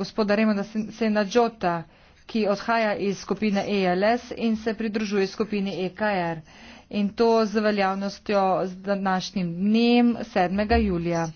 gospoda Remona Senadžota, ki odhaja iz skupine ELS in se pridružuje skupini EKR. In to z veljavnostjo z današnjim dnem 7. julija.